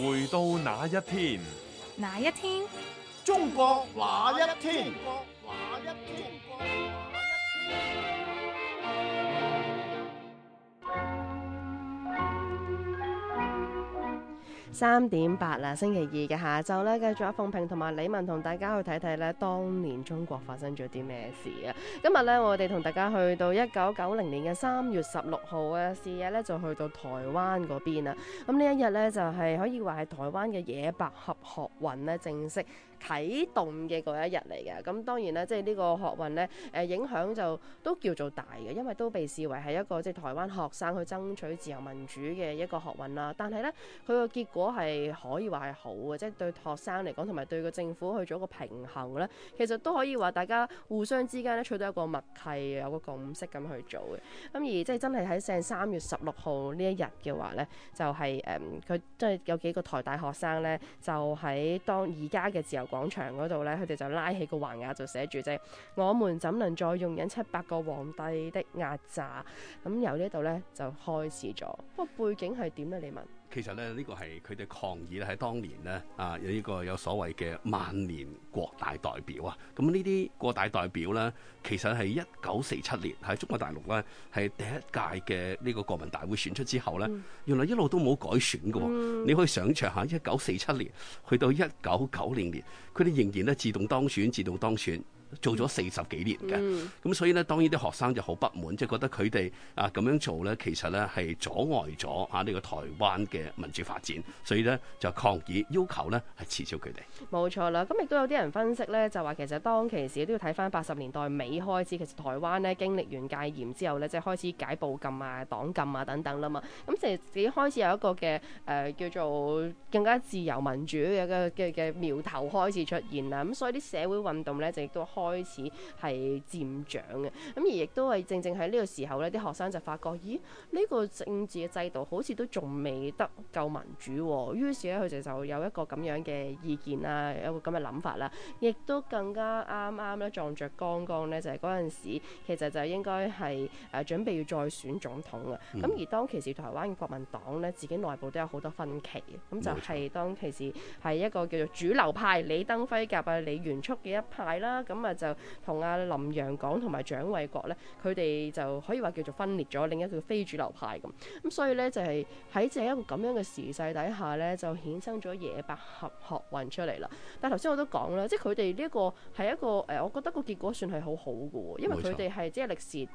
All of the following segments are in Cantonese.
回到那一天，那一天，中國那一天？三點八啊，星期二嘅下晝咧，繼續阿鳳平同埋李文同大家去睇睇咧，當年中國發生咗啲咩事啊？今日咧，我哋同大家去到一九九零年嘅三月十六號嘅事日咧、啊，就去到台灣嗰邊。咁呢一日咧，就係、是、可以話係台灣嘅野百合學運咧正式啟動嘅嗰一日嚟嘅。咁當然咧，即係呢個學運咧，誒影響就都叫做大嘅，因為都被視為係一個即係、就是、台灣學生去爭取自由民主嘅一個學運啦。但係呢，佢個結果。如果係可以話係好嘅，即、就、係、是、對學生嚟講，同埋對個政府去做一個平衡呢，其實都可以話大家互相之間呢取得一個默契，有嗰個共識咁去做嘅。咁、嗯、而即係真係喺成三月十六號呢一日嘅話呢，就係、是、誒，佢、嗯、即係有幾個台大學生呢，就喺當而家嘅自由廣場嗰度呢，佢哋就拉起個橫額就寫住即、就是、我們怎能再用緊七百個皇帝的壓榨？咁、嗯、由呢度呢，就開始咗。不過背景係點呢？你問。其實咧，呢個係佢哋抗議咧。喺當年呢，啊有呢個有所謂嘅萬年國大代表啊。咁呢啲國大代表呢，其實係一九四七年喺中國大陸咧係第一屆嘅呢個國民大會選出之後呢，原來一路都冇改選㗎喎。你可以想象下，一九四七年去到一九九零年，佢哋仍然呢自動當選，自動當選。做咗四十幾年嘅，咁、嗯、所以呢，當依啲學生就好不滿，即係覺得佢哋啊咁樣做呢，其實呢係阻礙咗啊呢、這個台灣嘅民主發展，所以呢，就抗議，要求呢係辭掉佢哋。冇錯啦，咁亦都有啲人分析呢，就話其實當其時都要睇返八十年代尾開始，其實台灣呢，經歷完戒嚴之後呢，即係開始解報禁啊、黨禁啊等等啦嘛，咁其實自己開始有一個嘅誒、呃、叫做更加自由民主嘅嘅嘅苗頭開始出現啦，咁所以啲社會運動呢，就亦都。開始係漸長嘅，咁而亦都係正正喺呢個時候呢啲學生就發覺，咦？呢個政治嘅制度好似都仲未得夠民主喎、啊。於是咧，佢哋就有一個咁樣嘅意見啊，有一個咁嘅諗法啦，亦都更加啱啱咧撞着剛剛江江呢，就係嗰陣時其實就應該係誒準備要再選總統啊。咁、嗯、而當其時，台灣嘅國民黨呢，自己內部都有好多分歧嘅，咁就係當其時係一個叫做主流派李登輝夾啊李元簇嘅一派啦，咁啊～就同阿林洋港，同埋蔣緯國咧，佢哋就可以話叫做分裂咗另一個非主流派咁。咁所以咧，就係喺即係一個咁樣嘅時勢底下咧，就衍生咗野百合學運出嚟啦。但係頭先我都講啦，即係佢哋呢一個係一個誒，我覺得個結果算係好好嘅，因為佢哋係即係歷時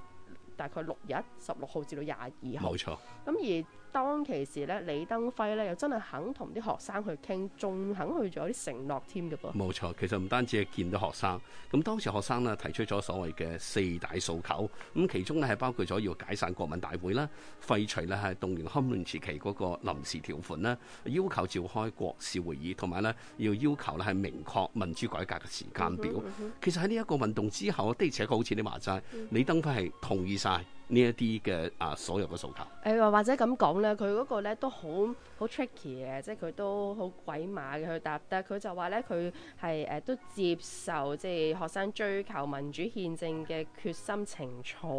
大概六日，十六號至到廿二號，冇錯錯。咁而當其時咧，李登輝咧又真係肯同啲學生去傾，仲肯去做啲承諾添㗎噃。冇錯，其實唔單止係見到學生，咁當時學生咧提出咗所謂嘅四大訴求，咁其中咧係包括咗要解散國民大會啦，廢除咧係動員戡亂時期嗰個臨時條款啦，要求召開國是會議，同埋咧要要求咧係明確民主改革嘅時間表。其實喺呢一個運動之後，的而且確好似你話齋，李登輝係同意晒。呢一啲嘅啊，所有嘅訴求。誒，或者咁講咧，佢嗰個咧都好好 tricky 嘅，即係佢都好鬼馬嘅，去答得。佢就話咧，佢係誒都接受，即係學生追求民主憲政嘅決心情操，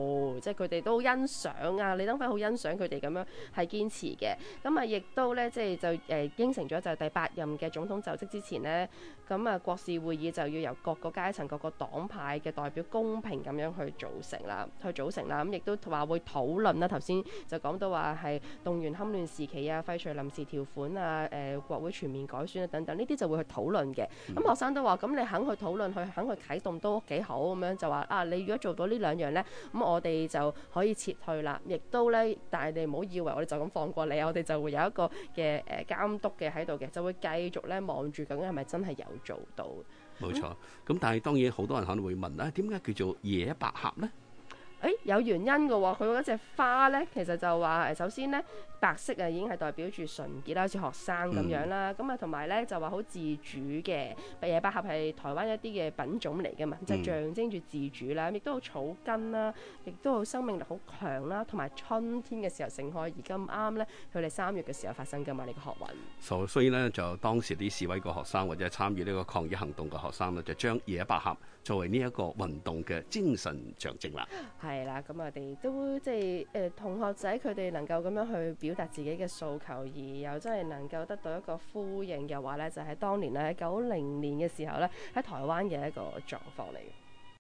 即係佢哋都欣賞啊，李登輝好欣賞佢哋咁樣係堅持嘅。咁啊，亦都咧即係就誒、呃、應承咗，就係第八任嘅總統就職之前呢，咁啊國事會議就要由各個階層、各個黨派嘅代表公平咁樣去組成啦，去組成啦。咁亦都。同埋會討論啦，頭先就講到話係動員戡亂時期啊、廢除臨時條款啊、誒、呃、國會全面改選啊等等，呢啲就會去討論嘅。咁學、嗯、生都話，咁你肯去討論，去肯去啟動都幾好咁樣就。就話啊，你如果做到呢兩樣呢，咁我哋就可以撤退啦。亦都呢，但係你唔好以為我哋就咁放過你啊，我哋就會有一個嘅誒監督嘅喺度嘅，就會繼續咧望住究竟係咪真係有做到。冇錯。咁、嗯、但係當然好多人可能會問啦，點解叫做野百合呢？」誒、哎、有原因嘅喎、哦，佢嗰隻花咧，其實就話誒，首先呢，白色啊已經係代表住純潔啦，好似學生咁樣啦。咁啊同埋咧就話好自主嘅白野百合係台灣一啲嘅品種嚟嘅嘛，就、嗯、象徵住自主啦。亦都好草根啦，亦都好生命力好強啦。同埋春天嘅時候盛開，而今啱咧，佢哋三月嘅時候發生嘅嘛，你、這個學運。所所以呢，就當時啲示威嘅學生或者參與呢個抗議行動嘅學生呢，就將野百合作為呢一個運動嘅精神象徵啦。係。係啦，咁我哋都即係，誒，同學仔佢哋能夠咁樣去表達自己嘅訴求，而又真係能夠得到一個呼應嘅話呢，就係當年咧，九零年嘅時候呢喺台灣嘅一個狀況嚟嘅。